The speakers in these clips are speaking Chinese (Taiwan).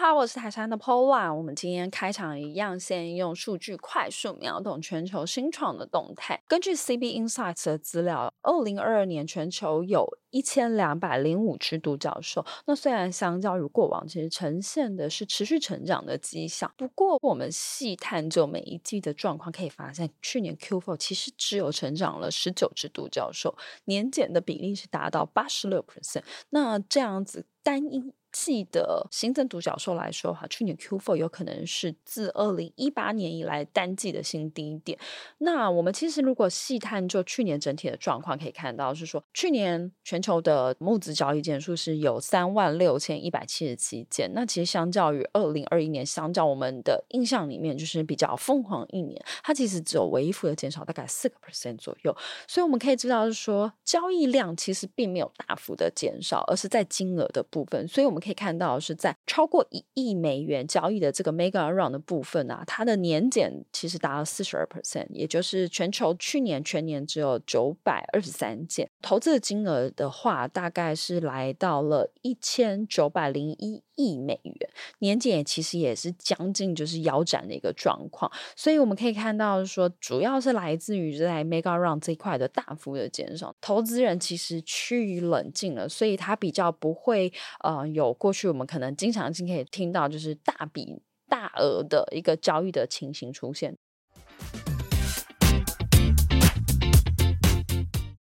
哈，Hello, 我是台杉的 Pola。我們今天開場一樣，先用數據快速秒懂全球新創的動態。根據 CB Insights 的資料，二零二二年全球有一千兩百零五隻獨角獸。那雖然相較於過往，其實呈現的是持續成長的跡象。不過，我們細探究每一季的狀況，可以發現，去年 Q4 其實只有成長了十九隻獨角獸，年減的比例是達到八十六 percent。那這樣子單一。記得新增獨角獸來說哈，去年 Q4 有可能是自二零一八年以來單季的新低點。那我們其實如果細探就去年整體的狀況，可以看到是說，去年全球的募資交易件數是有三萬六千一百七十七件。那其實相較於二零二一年，相較我們的印象裡面就是比較瘋狂一年，它其實只有唯一負的減少大概四個 percent 左右。所以我們可以知道是說，交易量其實並沒有大幅的減少，而是在金額的部分。所以我們。可以看到是在超過一億美元交易的這個 mega round 的部分呢、啊，它的年減其實達到四十二 percent，也就是全球去年全年只有九百二十三件投資，的金額的話，大概是來到了一千九百零一億美元年減，也其實也是將近就是腰斬的一個狀況，所以我們可以看到說，主要是來自於在 mega-round 這一塊的大幅的減少，投資人其實趨於冷靜了，所以他比較不會呃有過去我們可能經常性可以聽到就是大筆大額的一個交易的情形出現。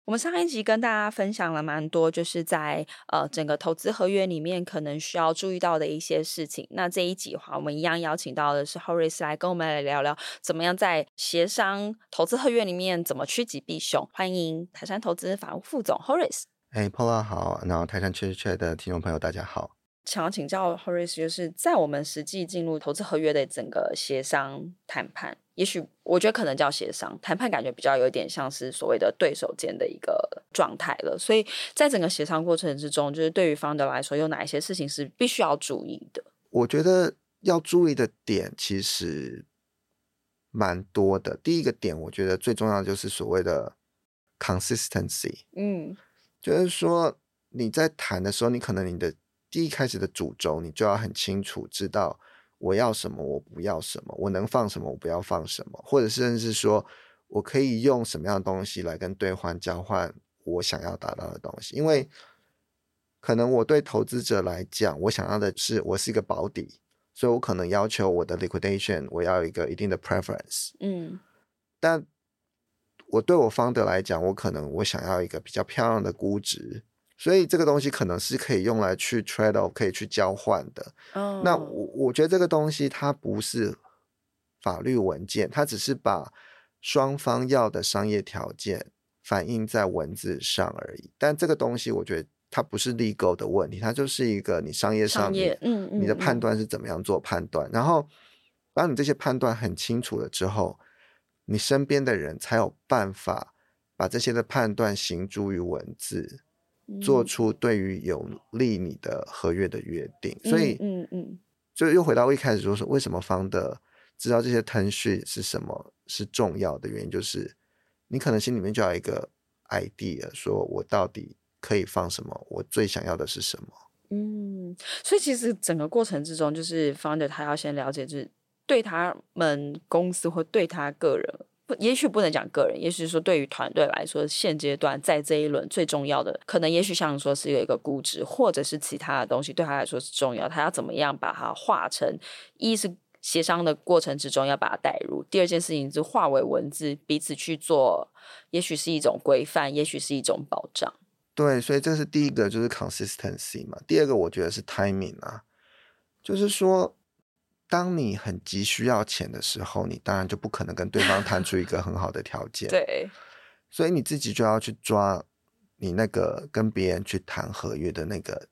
我們上一集跟大家分享了蠻多，就是在呃整個投資合約裡面可能需要注意到的一些事情。那這一集的話，我們一樣邀請到的是 Horace 來跟我們來聊聊，怎麼樣在協商投資合約裡面怎麼趨吉避凶。歡迎台山投資法務副總 Horace。Hey, Paul, 好，然後台山確，確確的聽眾朋友大家好。想要請教 Horace 就是在我們實際進入投資合約的整個協商談判。也許我覺得可能叫協商談判，感覺比較有點像是所謂的對手間的一個狀態了。所以在整個協商過程之中，就是對於 founder 來說，有哪一些事情是必須要注意的？我覺得要注意的點其實蠻多的。第一個點，我覺得最重要的就是所謂的 consistency，嗯，就是說你在談的時候，你可能你的第一開始的主軸，你就要很清楚知道。我要什麼？我不要什麼？我能放什麼？我不要放什麼？或者甚至說，我可以用什麼樣的東西來跟對方交換我想要達到的東西？因為可能我對投資者來講，我想要的是我是一個保底，所以我可能要求我的 liquidation 我要有一個一定的 preference。嗯，但我對我方的、er、來講，我可能我想要一個比較漂亮的估值。所以這個東西可能是可以用來去 trade off，可以去交換的。Oh. 那我我覺得這個東西它不是法律文件，它只是把雙方要的商業條件反映在文字上而已。但這個東西我覺得它不是 legal 的問題，它就是一個你商業上，你的判斷是怎麼樣做判斷。嗯嗯，然後當你這些判斷很清楚了之後，你身邊的人才有辦法把這些的判斷形諸於文字。做出對於有利你的合約的約定，嗯、所以，嗯嗯，嗯就又回到一開始就說，說，為什麼 founder、er、知道這些 terms 是什麼是重要的原因，就是你可能心裡面就要一個 idea，說我到底可以放什麼，我最想要的是什麼。嗯，所以其實整個過程之中，就是 founder 他要先了解，就是對他們公司或對他個人。不，也許不能講個人，也許是說對於團隊來說，現階段在這一輪最重要的，可能也許像你說是有一個估值，或者是其他的東西，對他來說是重要。他要怎麼樣把它化成，一是協商的過程之中要把它帶入，第二件事情是化為文字，彼此去做，也許是一種規範，也許是一種保障。對，所以這是第一個，就是 consistency 嘛。第二個，我覺得是 timing 啊，就是說。當你很急需要錢的時候，你當然就不可能跟對方談出一個很好的條件。 對，所以你自己就要去抓你那個跟別人去談合約的那個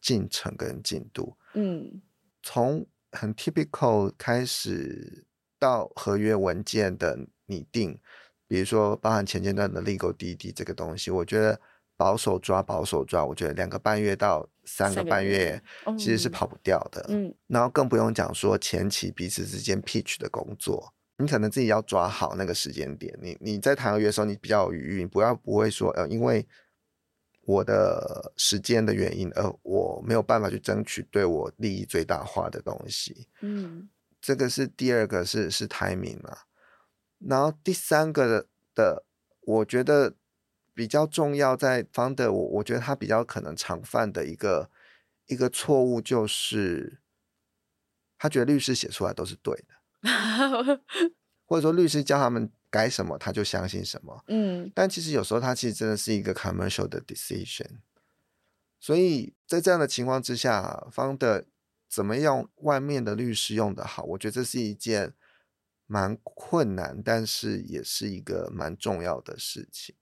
進程跟進度。嗯，從很 typical 開始到合約文件的擬定，比如說包含前階段的 legal DD 這個東西，我覺得保守抓保守抓，我覺得兩個半月到。三個半月其實是跑不掉的，嗯，嗯然後更不用講說前期彼此之間 pitch 的工作，你可能自己要抓好那個時間點，你你在談合約的時候，你比較有餘裕，你不要不會說呃，因為我的時間的原因，呃，我沒有辦法去爭取對我利益最大化的東西，嗯，這個是第二個是是 timing 嘛，然後第三個的，我覺得。比較重要在 Founder，er，我我覺得他比較可能常犯的一個一個錯誤就是，他覺得律師寫出來都是對的， 或者說律師教他們改什麼他就相信什麼。嗯，但其實有時候他其實真的是一個 commercial 的 decision，所以在這樣的情況之下，Founder 怎麼樣外面的律師用得好，我覺得這是一件蠻困難，但是也是一個蠻重要的事情。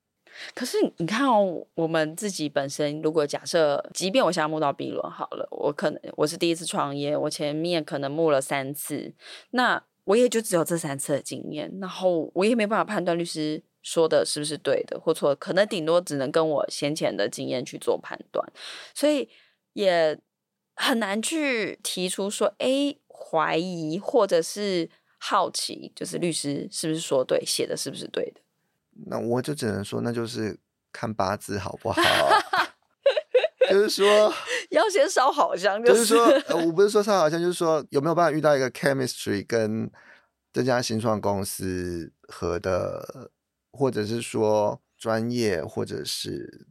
可是你看哦，我們自己本身，如果假設，即便我現在摸到 B 輪好了，我可能我是第一次創業，我前面可能摸了三次，那我也就只有這三次的經驗，然後我也沒辦法判斷律師說的是不是對的或錯，可能頂多只能跟我先前的經驗去做判斷，所以也很難去提出說，誒懷疑或者是好奇，就是律師是不是說對，寫的是不是對的。那我就只能說，那就是看八字好不好，啊？ 就是說，要先燒好香。就是說、 呃，我不是說燒好香，就是說有沒有辦法遇到一個 chemistry 跟這家新創公司合的，或者是說專業，或者是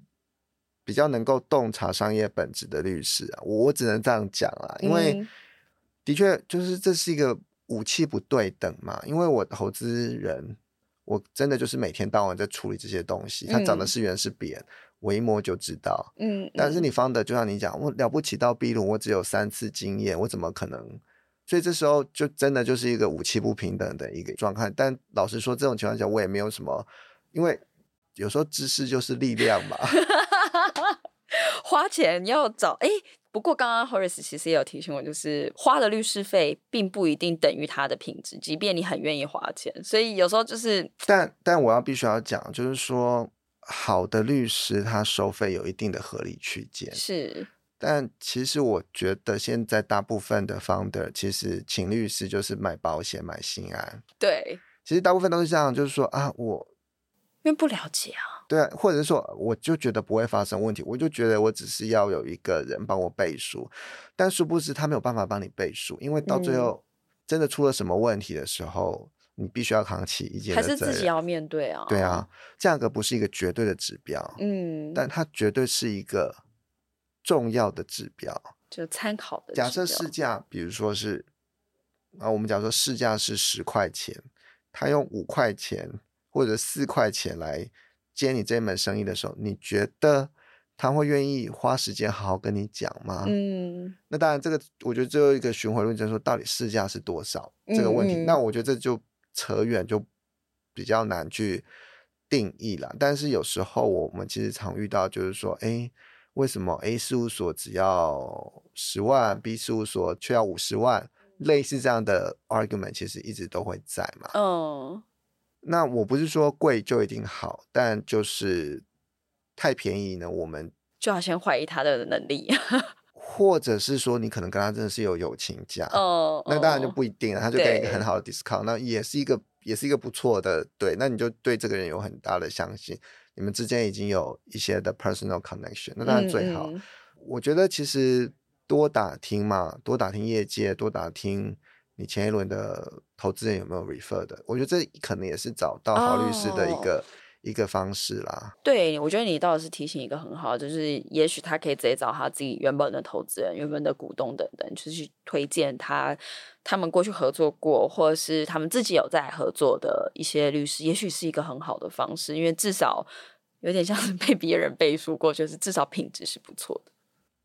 比較能夠洞察商業本質的律師啊？我我只能這樣講啊，因為、嗯、的確就是這是一個武器不對等嘛，因為我投資人。我真的就是每天到晚在處理這些東西，他長得是圓是扁，嗯、我一摸就知道。嗯，但是你方的，就像你講，我了不起到 B 輪，我只有三次經驗，我怎麼可能？所以這時候就真的就是一個武器不平等的一個狀態。但老實說，這種情況下我也沒有什麼，因為有時候知識就是力量嘛。 花錢要找，哎不過剛剛 Horace 其實也有提醒我，就是花的律師費並不一定等於他的品質，即便你很願意花錢。所以有時候就是，但但我要必須要講，就是說好的律師他收費有一定的合理區間。是，但其實我覺得現在大部分的 founder 其實請律師就是買保險買心安。對，其實大部分都是這樣，就是說啊，我因為不了解啊。對啊，或者是說，我就覺得不會發生問題，我就覺得我只是要有一個人幫我背書，但殊不知他沒有辦法幫你背書，因為到最後真的出了什麼問題的時候，嗯、你必須要扛起一件事情還是自己要面對啊？對啊，價格不是一個絕對的指標，嗯，但它絕對是一個重要的指標，就參考的指標，假設市價，比如說是啊，我們假如說市價是十塊錢，他用五塊錢或者四塊錢來。接你這門生意的時候，你覺得他會願意花時間好好跟你講嗎？嗯，那當然，這個我覺得最後一個循環論證說，到底市價是多少這個問題，嗯嗯那我覺得這就扯遠，就比較難去定義了。但是有時候我們其實常遇到，就是說，哎，為什麼 A 事務所只要十萬，B 事務所卻要五十萬？嗯、類似這樣的 argument，其實一直都會在嘛。哦。那我不是說貴就一定好，但就是太便宜呢，我們就要先懷疑他的能力，或者是說你可能跟他真的是有友情價，哦，那當然就不一定了，哦、他就給一個很好的 discount，對那也是一個也是一個不錯的，對，那你就對這個人有很大的相信，你們之間已經有一些的 personal connection，那當然最好。嗯、我覺得其實多打聽嘛，多打聽業界，多打聽。你前一輪的投資人有沒有 refer 的？我覺得這可能也是找到好律師的一個、oh. 一個方式啦。對，我覺得你倒是提醒一個很好，就是也許他可以直接找他自己原本的投資人、原本的股東等等，就是去推薦他，他們過去合作過，或者是他們自己有在合作的一些律師，也許是一個很好的方式，因為至少有點像是被別人背書過，就是至少品質是不錯的。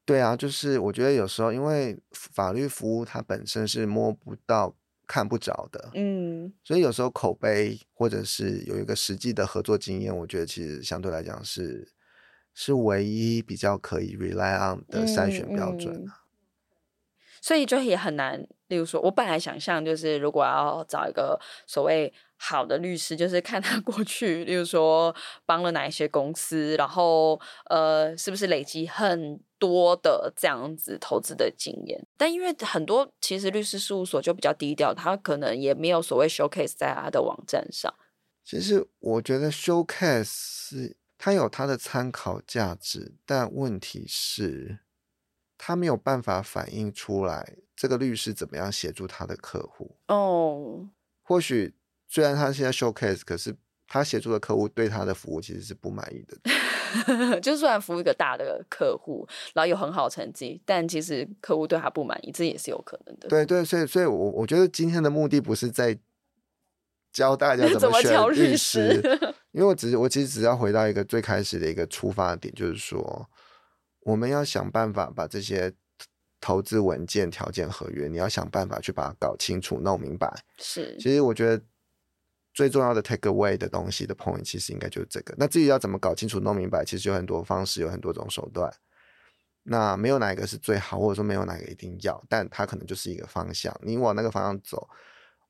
對啊，就是我覺得有時候，因為法律服務它本身是摸不到、看不着的，嗯，所以有時候口碑或者是有一個實際的合作經驗，我覺得其實相對來講是是唯一比較可以 rely on 的篩選標準。啊嗯嗯。所以就也很難，例如說我本來想象就是，如果要找一個所謂。好的律師就是看他過去，例如說幫了哪一些公司，然後呃，是不是累積很多的這樣子投資的經驗？但因為很多其實律師事務所就比較低調，他可能也沒有所謂 showcase 在他的網站上。其實我覺得 showcase 它有它的參考價值，但問題是，他沒有辦法反映出來這個律師怎麼樣協助他的客戶哦，oh. 或許。雖然他現在 showcase，可是他協助的客戶對他的服務其實是不滿意的。 就算服務一個大的客戶，然後有很好成績，但其實客戶對他不滿意，這也是有可能的。對對，所以所以我，我我覺得今天的目的不是在教大家怎麼挑律師 怎麼教律師， 因為我只是我其實只要回到一個最開始的一個出發點，就是說我們要想辦法把這些投資文件、條件合約，你要想辦法去把它搞清楚、弄明白。是，其實我覺得。最重要的 take away 的東西的 point，其實應該就是這個。那自己要怎麼搞清楚、弄明白，其實有很多方式，有很多種手段。那沒有哪一個是最好，或者說沒有哪一個一定要，但它可能就是一個方向。你往那個方向走，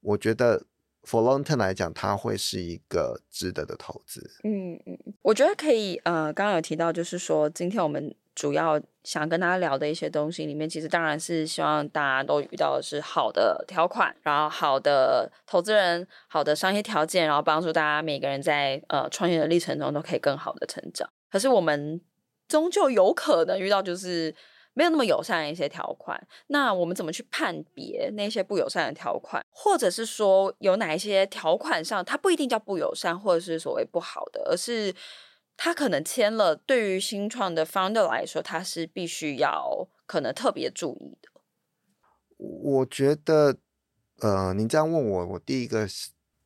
我覺得 for long term 來講，它會是一個值得的投資。嗯嗯，我覺得可以。呃，剛剛有提到，就是說今天我們。主要想跟大家聊的一些東西裡面，其實當然是希望大家都遇到的是好的條款，然後好的投資人、好的商業條件，然後幫助大家每個人在呃創業的歷程中都可以更好的成長。可是我們終究有可能遇到就是沒有那麼友善的一些條款，那我們怎麼去判別那些不友善的條款，或者是說有哪一些條款上它不一定叫不友善，或者是所謂不好的，而是。他可能簽了，對於新創的 founder 來說，他是必須要可能特別注意的。我覺得，呃，您這樣問我，我第一個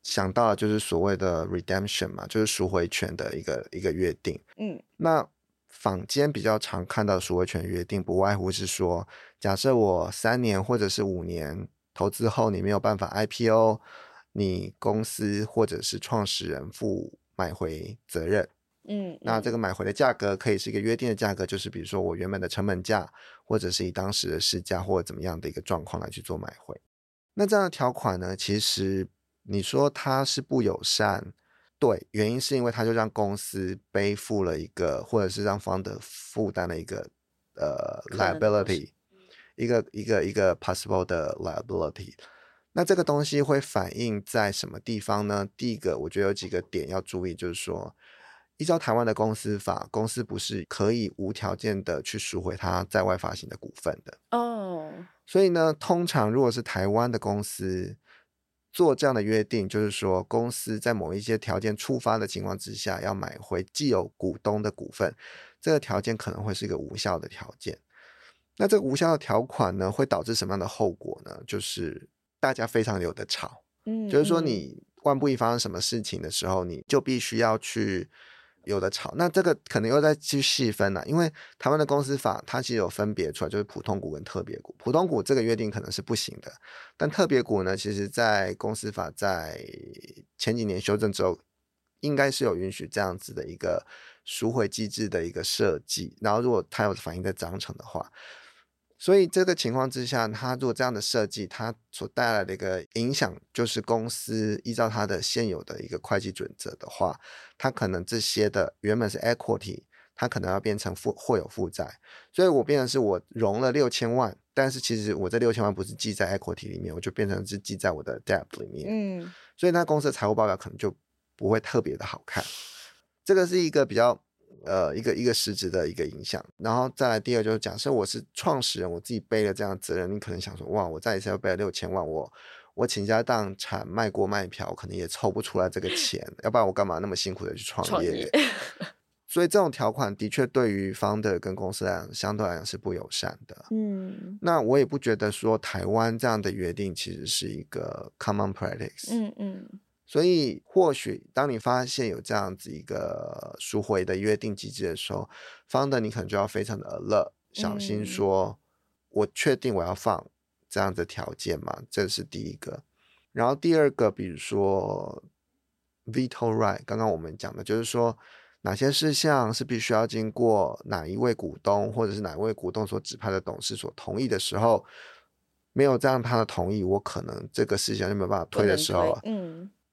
想到的就是所謂的 redemption 嘛，就是贖回權的一個一個約定。嗯，那坊間比較常看到贖回權約定，不外乎是說，假設我三年或者是五年投資後，你沒有辦法 IPO，你公司或者是創始人負買回責任。嗯，那這個買回的價格可以是一個約定的價格，就是比如說我原本的成本價，或者是以當時的市價或者怎麼樣的一個狀況來去做買回。那這樣的條款呢，其實你說它是不友善，對，原因是因為它就讓公司背負了一個，或者是讓 founder 負擔了一個呃 liability，一個一個一個一個 possible 的 liability。那這個東西會反映在什麼地方呢？第一個，我覺得有幾個點要注意，就是說，依照台灣的公司法，公司不是可以無條件的去贖回他在外發行的股份的哦。Oh. 所以呢，通常如果是台灣的公司做這樣的約定，就是說公司在某一些條件觸發的情況之下，要買回既有股東的股份，這個條件可能會是一個無效的條件。那這個無效的條款呢，會導致什麼樣的後果呢？就是大家非常有得吵，嗯，就是說你萬不一發生什麼事情的時候，你就必須要去。有的炒，那這個可能又再去細分了，因為台灣的公司法它其實有分別出來，就是普通股跟特別股。普通股這個約定可能是不行的，但特別股呢，其實，在公司法在前幾年修正之後，應該是有允許這樣子的一個贖回機制的一個設計。然後，如果它有反映在章程的話。所以這個情況之下，他做這樣的設計，它所帶來的一個影響就是，公司依照它的現有的一個會計準則的話，它可能這些的原本是 equity，它可能要變成負或有負債。所以，我變成是我融了六千萬，但是其實我這六千萬不是記在 equity 裡面，我就變成是記在我的 debt 裡面。嗯，所以他公司的財務報表可能就不會特別的好看。這個是一個比較。呃，一個一個實質的一個影響，然後再來第二就是，假設我是創始人，我自己背了這樣的責任，你可能想說，哇，我再一次要背了六千萬，我我傾家蕩產賣鍋賣瓢，我可能也湊不出來這個錢， 要不然我幹嘛那麼辛苦的去創業？創業 所以這種條款的確對於 founder 跟公司來講，相對來講是不友善的。嗯，那我也不覺得說台灣這樣的約定其實是一個 common practice。嗯。嗯嗯。所以，或許當你發現有這樣子一個贖回的約定機制的時候，Founder 你可能就要非常的 alert，小心說，我確定我要放這樣的條件嘛？這是第一個。然後第二個，比如說 veto right，剛剛我們講的就是說，哪些事項是必須要經過哪一位股東或者是哪位股東所指派的董事所同意的時候，沒有這樣他的同意，我可能這個事情就沒辦法推的時候了。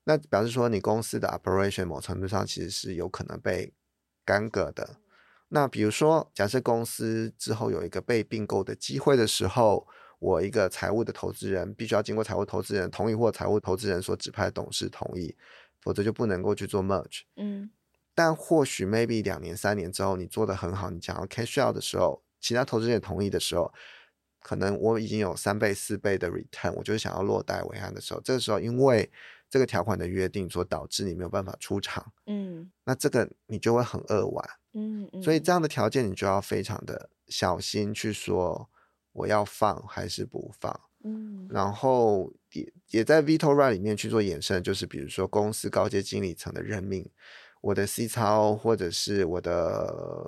那表示說，你公司的 operation 某程度上其實是有可能被耽擱的。那比如說，假設公司之後有一個被併購的機會的時候，我一個財務的投資人必須要經過財務投資人同意或者財務投資人所指派的董事同意，否則就不能夠去做 merge。嗯。但或許 maybe 兩年三年之後，你做得很好，你想要 cash out 的時候，其他投資人也同意的時候，可能我已經有三倍四倍的 return，我就是想要落袋為安的時候，這個時候因為，這個條款的約定所導致你沒有辦法出場，嗯，那這個你就會很扼腕，嗯，嗯，所以這樣的條件你就要非常的小心去說我要放還是不放，嗯，然後也也在 Veto Right 裡面去做衍生，就是比如說公司高階經理層的任命，我的 CXO 或者是我的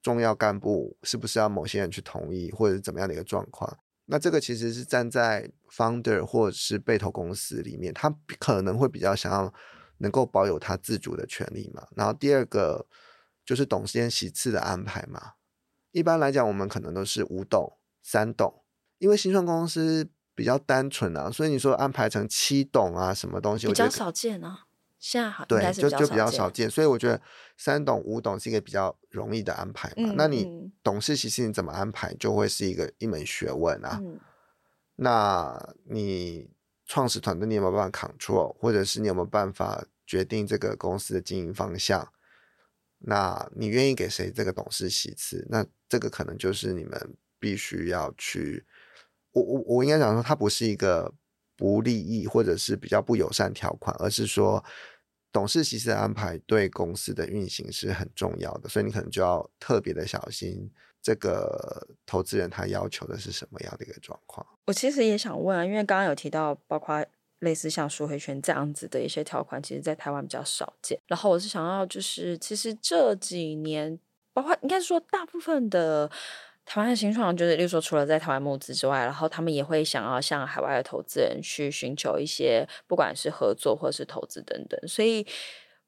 重要幹部是不是要某些人去同意，或者是怎麼樣的一個狀況。那這個其實是站在 founder 或是被投公司裡面，他可能會比較想要能夠保有他自主的權利嘛。然後第二個就是董事席次的安排嘛。一般來講，我們可能都是五董三董，因為新創公司比較單純啊，所以你說安排成七董啊什麼東西，比較少見啊。好對，就就比較少見，所以我覺得三董五董是一個比較容易的安排嘛。嗯、那你董事席次你怎麼安排，就會是一個一門學問啊。嗯、那你創始團隊你有沒有辦法 control，或者是你有沒有辦法決定這個公司的經營方向？那你願意給誰這個董事席次？那這個可能就是你們必須要去。我我我應該講說，它不是一個不利益或者是比較不友善條款，而是說。董事其實安排對公司的運行是很重要的，所以你可能就要特別的小心這個投資人他要求的是什麼樣的一個狀況。我其實也想問啊，因為剛剛有提到，包括類似像贖回權這樣子的一些條款，其實，在台灣比較少見。然後，我是想要就是，其實這幾年，包括應該說大部分的。台灣的新創就是，例如說，除了在台灣募資之外，然後他們也會想要向海外的投資人去尋求一些，不管是合作或者是投資等等。所以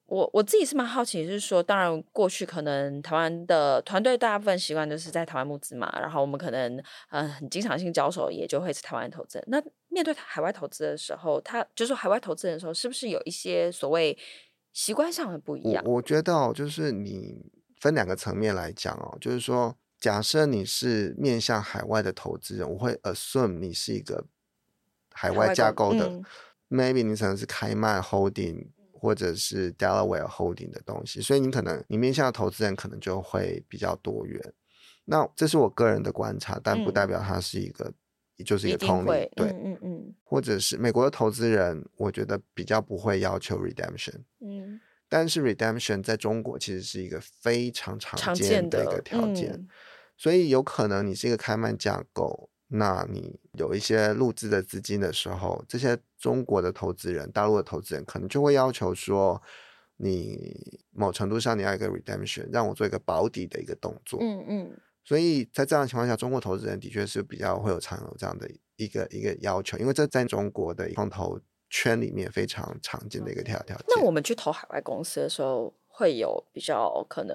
我，我我自己是蠻好奇，就是說，當然過去可能台灣的團隊大部分習慣就是在台灣募資嘛，然後我們可能嗯、呃、很經常性交手，也就會是台灣投資。那面對海外投資的時候，他就是說海外投資人的時候，是不是有一些所謂習慣上的不一樣？我，我覺得就是你分兩個層面來講哦，就是說。假設你是面向海外的投資人，我會 assume 你是一個海外架構的、嗯、maybe 你可能是 Cayman Holding 或者是 Delaware Holding 的東西，所以你可能你面向的投資人可能就會比較多元。那這是我個人的觀察，但不代表它是一個、嗯、也就是一個通理。對，嗯嗯嗯、或者是美國的投資人，我覺得比較不會要求 redemption、嗯、但是 redemption 在中國其實是一個非常常見的一個條件。所以有可能你是一個開曼架構，那你有一些入資的資金的時候，這些中國的投資人、大陸的投資人可能就會要求說，你某程度上你要一個 redemption，讓我做一個保底的一個動作。嗯嗯。嗯，所以在這樣的情況下，中國投資人的確是比較會有常有這樣的一個一個要求，因為這在中國的創投圈裡面非常常見的一個條條件、嗯、那我們去投海外公司的時候。會有比較可能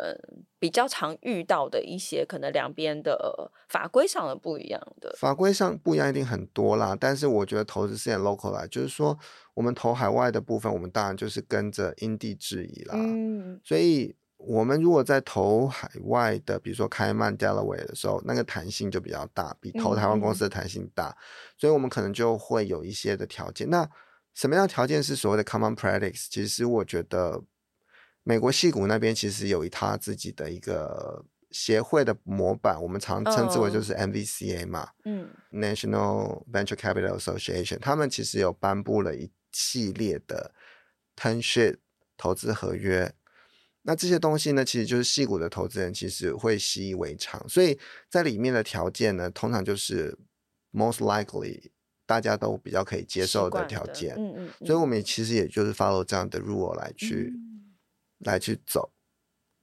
比較常遇到的一些可能，兩邊的法規上的不一樣，的法規上不一樣一定很多啦，但是我覺得投資是點 local 啦，就是說我們投海外的部分，我們當然就是跟着因地制宜啦。嗯，所以我們如果在投海外的，比如說開曼、Delaware 的時候，那個彈性就比較大，比投台灣公司的彈性大，嗯嗯，所以我們可能就會有一些的條件。那什麼樣的條件是所謂的 common practice？其實我覺得。美國矽谷那邊其實有一套他自己的一個協會的模板，我們常稱之為就是 NVCA 嘛，嗯、oh, um,，National Venture Capital Association，他們其實有頒布了一系列的 Term Sheet 投資合約。那這些東西呢，其實就是矽谷的投資人其實會習以為常，所以在裡面的條件呢，通常就是 Most Likely 大家都比較可以接受的條件，嗯嗯，嗯所以我們其實也就是 follow 這樣的 rule 來去、嗯。來去走，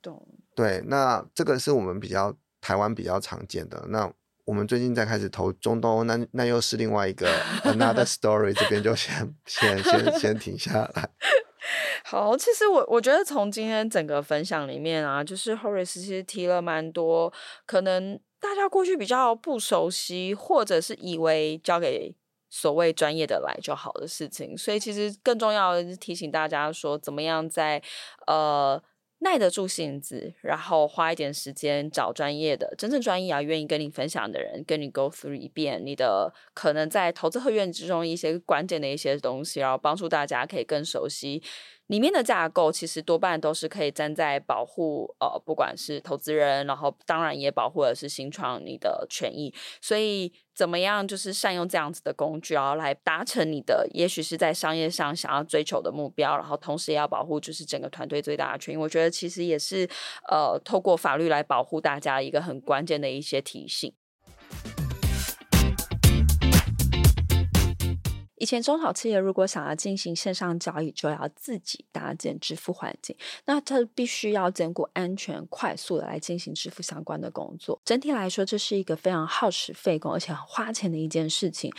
懂對，那這個是我們比較台灣比較常見的。那我們最近在開始投中東，那那又是另外一個 another story。 這邊就先先先先停下來。 好，其實我我覺得從今天整個分享裡面啊，就是 Horace 其實提了蠻多，可能大家過去比較不熟悉，或者是以為交給。所謂專業的來就好的事情，所以其實更重要的是提醒大家說，怎麼樣在呃耐得住性子，然後花一點時間找專業的、真正專業啊、願意跟你分享的人，跟你 go through 一遍你的可能在投資合約之中一些關鍵的一些東西，然後幫助大家可以更熟悉。裡面的架構其實多半都是可以站在保護呃，不管是投資人，然後當然也保護的是新創你的權益。所以怎麼樣就是善用這樣子的工具然後來達成你的也許是在商業上想要追求的目標，然後同時也要保護就是整個團隊最大的權益。我覺得其實也是呃，透過法律來保護大家一個很關鍵的一些提醒。以前中小企業如果想要進行線上交易，就要自己搭建支付環境。那它必須要兼顧安全、快速的來進行支付相關的工作。整體來說，這是一個非常耗時費工，而且很花錢的一件事情。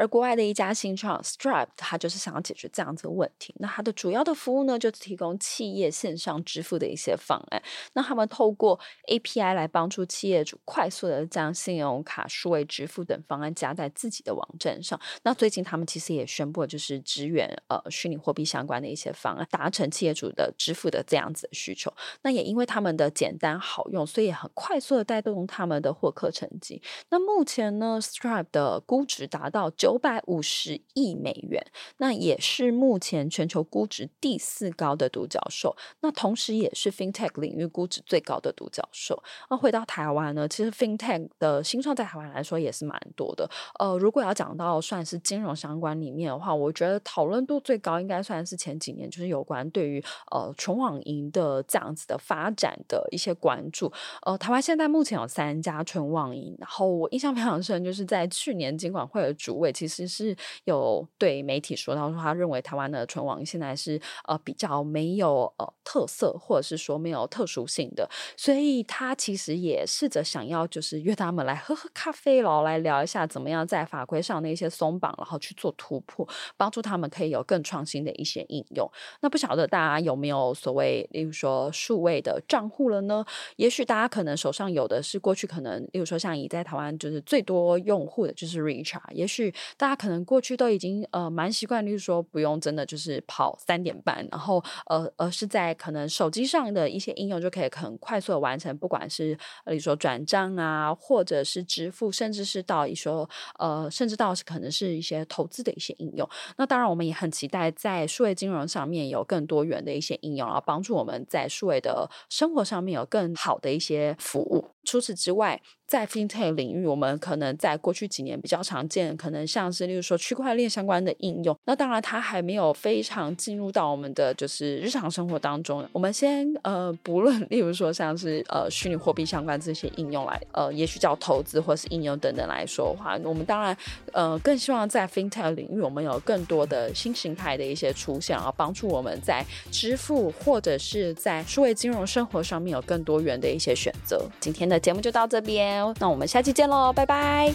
而國外的一家新創 Stripe，它就是想要解決這樣子的問題。那它的主要的服務呢，就是提供企業線上支付的一些方案。那他們透過 API 來幫助企業主快速的將信用卡、數位支付等方案加在自己的網站上。那最近他們其實也宣布，就是支援呃虛擬貨幣相關的一些方案，達成企業主的支付的這樣子的需求。那也因為他們的簡單好用，所以也很快速的帶動他們的獲客成績。那目前呢，Stripe 的估值達到九九百五十億美元，那也是目前全球估值第四高的獨角獸，那同時也是 fintech 領域估值最高的獨角獸。那回到台灣呢，其實 fintech 的新創在台灣來說也是蠻多的。呃，如果要講到算是金融相關裡面的話，我覺得討論度最高應該算是前幾年就是有關對於呃純網銀的這樣子的發展的一些關注。呃，台灣現在目前有三家純網銀，然後我印象非常深就是在去年金管會的主委，其實是有對媒體說到說，他認為台灣的存亡現在是呃比較沒有呃特色，或者是說沒有特殊性的，所以他其實也試着想要就是約他們來喝喝咖啡嘍，來聊一下怎麼樣在法規上的一些鬆綁，然後去做突破，幫助他們可以有更創新的一些應用。那不曉得大家有沒有所謂例如說數位的賬戶了呢？也許大家可能手上有的是過去可能例如說像已在台灣就是最多用戶的，就是 Richart，也許。大家可能過去都已經呃蠻習慣，就是說不用真的就是跑三點半，然後呃而是在可能手機上的一些應用就可以很快速的完成，不管是你說轉賬啊，或者是支付，甚至是到一說呃，甚至到是可能是一些投資的一些應用。那當然，我們也很期待在數位金融上面有更多元的一些應用，然後幫助我們在數位的生活上面有更好的一些服務。除此之外，在 fintech 領域，我們可能在過去幾年比較常見，可能像是例如說區塊鏈相關的應用。那當然，它還沒有非常進入到我們的就是日常生活當中。我們先呃，不論例如說像是呃虛擬貨幣相關這些應用來呃，也許叫投資或是應用等等來說的話，我們當然呃更希望在 fintech 領域，我們有更多的新形態的一些出現，然後幫助我們在支付或者是在數位金融生活上面有更多元的一些選擇。今天。那節目就到這邊，那我們下期見嘍，拜拜。